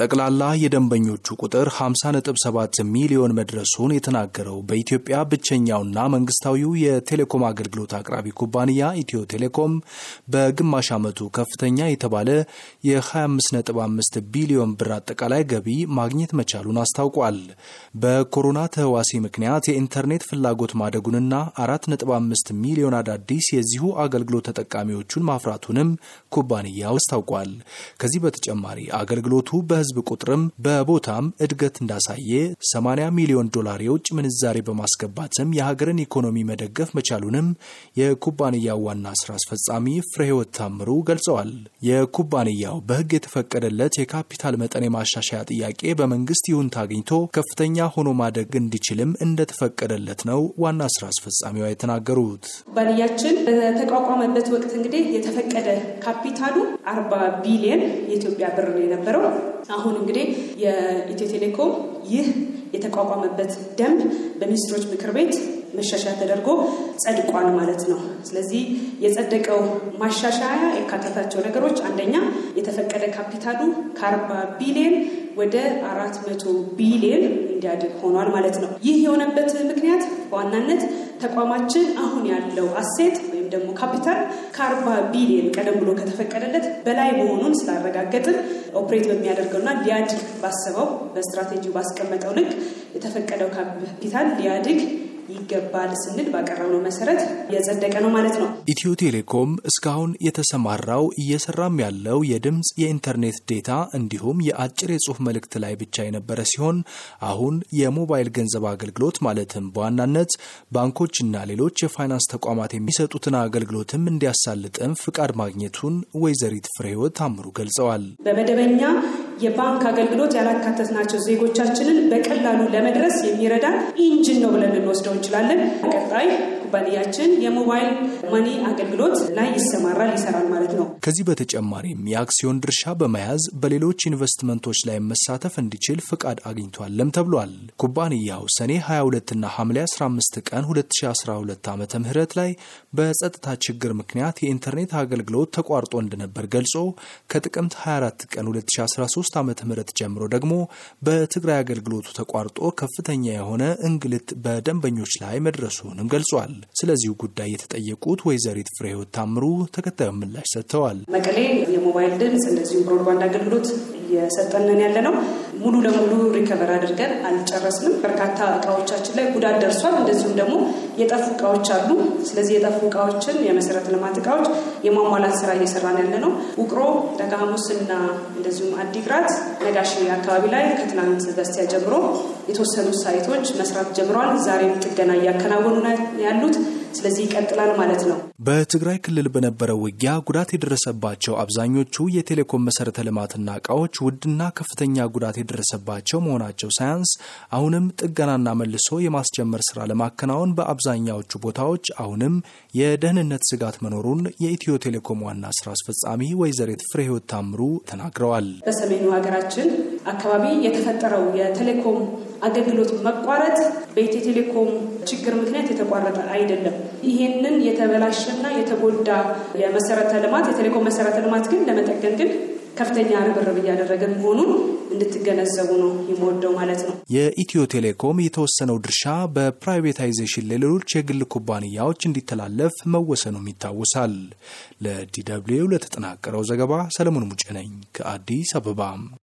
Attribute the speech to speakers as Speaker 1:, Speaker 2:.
Speaker 1: ጠቅላላ የደንበኞቹ ቁጥር 50.7 ሚሊዮን መድረሱን የተናገረው በኢትዮጵያ ብቸኛውና መንግስታዊው የቴሌኮም አገልግሎት አቅራቢ ኩባንያ ኢትዮ ቴሌኮም በግማሽ ዓመቱ ከፍተኛ የተባለ የ25.5 ቢሊዮን ብር አጠቃላይ ገቢ ማግኘት መቻሉን አስታውቋል። በኮሮና ተህዋሲ ምክንያት የኢንተርኔት ፍላጎት ማደጉንና 4.5 ሚሊዮን አዳዲስ የዚሁ አገልግሎት ተጠቃሚዎቹን ማፍራቱንም ኩባንያው አስታውቋል። ከዚህ በተጨማሪ አገልግሎቱ በ የህዝብ ቁጥርም በቦታም እድገት እንዳሳየ 80 ሚሊዮን ዶላር የውጭ ምንዛሬ በማስገባትም የሀገርን ኢኮኖሚ መደገፍ መቻሉንም የኩባንያው ዋና ስራ አስፈጻሚ ፍሬህይወት ታምሩ ገልጸዋል። የኩባንያው በህግ የተፈቀደለት የካፒታል መጠን የማሻሻያ ጥያቄ በመንግስት ይሁንታ አግኝቶ ከፍተኛ ሆኖ ማደግ እንዲችልም እንደተፈቀደለት ነው ዋና ስራ አስፈጻሚዋ የተናገሩት።
Speaker 2: ኩባንያችን በተቋቋመበት ወቅት እንግዲህ የተፈቀደ ካፒታሉ 40 ቢሊየን የኢትዮጵያ ብር የነበረው አሁን እንግዲህ የኢትዮ ቴሌኮም ይህ የተቋቋመበት ደንብ በሚኒስትሮች ምክር ቤት መሻሻያ ተደርጎ ጸድቋል ማለት ነው። ስለዚህ የጸደቀው ማሻሻያ የካተታቸው ነገሮች አንደኛ የተፈቀደ ካፒታሉ ከአርባ ቢሊዮን ወደ አራት መቶ ቢሊዮን እንዲያድግ ሆኗል ማለት ነው። ይህ የሆነበት ምክንያት በዋናነት ተቋማችን አሁን ያለው አሴት ወይም ደግሞ ካፒታል ከአርባ ቢሊየን ቀደም ብሎ ከተፈቀደለት በላይ መሆኑን ስላረጋገጥን ኦፕሬት በሚያደርገውና ሊያድግ ባሰበው በስትራቴጂው ባስቀመጠው ልክ የተፈቀደው ካፒታል ሊያድግ ይገባል ስንል ባቀረብነው መሰረት እየጸደቀ ነው ማለት ነው።
Speaker 1: ኢትዮ ቴሌኮም እስካሁን የተሰማራው እየሰራም ያለው የድምፅ የኢንተርኔት ዴታ እንዲሁም የአጭር የጽሁፍ መልእክት ላይ ብቻ የነበረ ሲሆን አሁን የሞባይል ገንዘብ አገልግሎት ማለትም በዋናነት ባንኮችና ሌሎች የፋይናንስ ተቋማት የሚሰጡትን አገልግሎትም እንዲያሳልጥም ፍቃድ ማግኘቱን ወይዘሪት ፍሬህይወት አምሩ ገልጸዋል።
Speaker 2: በመደበኛ የባንክ አገልግሎት ያላካተትናቸው ዜጎቻችንን በቀላሉ ለመድረስ የሚረዳ ኢንጂን ነው ብለን ልንወስደው እንችላለን። ቀጣይ ኩባንያችን የሞባይል መኒ አገልግሎት ላይ ይሰማራል፣ ይሰራል ማለት ነው።
Speaker 1: ከዚህ በተጨማሪም የአክሲዮን ድርሻ በመያዝ በሌሎች ኢንቨስትመንቶች ላይ መሳተፍ እንዲችል ፍቃድ አግኝቷለም ተብሏል። ኩባንያው ሰኔ 22ና ሐምሌ 15 ቀን 2012 ዓ ም ላይ በጸጥታ ችግር ምክንያት የኢንተርኔት አገልግሎት ተቋርጦ እንደነበር ገልጾ ከጥቅምት 24 ቀን 2013 ዓ ም ጀምሮ ደግሞ በትግራይ አገልግሎቱ ተቋርጦ ከፍተኛ የሆነ እንግልት በደንበኞች ላይ መድረሱንም ገልጿል። ተናግረዋል። ስለዚሁ ጉዳይ የተጠየቁት ወይዘሪት ፍሬህይወት ታምሩ ተከታዩን ምላሽ ሰጥተዋል።
Speaker 2: መቀሌ የሞባይል ድምፅ እንደዚሁም ብሮድባንድ አገልግሎት እየሰጠንን ያለ ነው። ሙሉ ለሙሉ ሪከቨር አድርገን አልጨረስንም። በርካታ እቃዎቻችን ላይ ጉዳት ደርሷል። እንደዚሁም ደግሞ የጠፉ እቃዎች አሉ። ስለዚህ የጠፉ እቃዎችን የመሰረተ ልማት እቃዎች የማሟላት ስራ እየሰራን ያለ ነው። ውቅሮ፣ ደጋሙስና እንደዚሁም አዲግራት፣ ነጋሽ አካባቢ ላይ ከትናንት በስቲያ ጀምሮ የተወሰኑ ሳይቶች መስራት ጀምረዋል። ዛሬም ጥገና እያከናወኑ ያሉት ስለዚህ ይቀጥላል ማለት ነው።
Speaker 1: በትግራይ ክልል በነበረው ውጊያ ጉዳት የደረሰባቸው አብዛኞቹ የቴሌኮም መሰረተ ልማትና እቃዎች ውድና ከፍተኛ ጉዳት የደረሰባቸው መሆናቸው ሳያንስ አሁንም ጥገናና መልሶ የማስጀመር ስራ ለማከናወን በአብዛኛዎቹ ቦታዎች አሁንም የደህንነት ስጋት መኖሩን የኢትዮ ቴሌኮም ዋና ስራ አስፈጻሚ ወይዘሪት ፍሬህይወት ታምሩ ተናግረዋል።
Speaker 2: በሰሜኑ ሀገራችን አካባቢ የተፈጠረው የቴሌኮም አገልግሎት መቋረጥ በኢትዮ ቴሌኮም ችግር ምክንያት የተቋረጠ አይደለም። ይሄንን የተበላሸና የተጎዳ የመሰረተ ልማት የቴሌኮም መሰረተ ልማት ግን ለመጠገን ግን ከፍተኛ ርብርብ እያደረገ መሆኑን እንድትገነዘቡ ነው የምወደው ማለት ነው።
Speaker 1: የኢትዮ ቴሌኮም የተወሰነው ድርሻ በፕራይቬታይዜሽን ለሌሎች የግል ኩባንያዎች እንዲተላለፍ መወሰኑም ይታወሳል። ለዲ ደብልዩ ለተጠናቀረው ዘገባ ሰለሞን ሙጭ ነኝ ከአዲስ አበባ።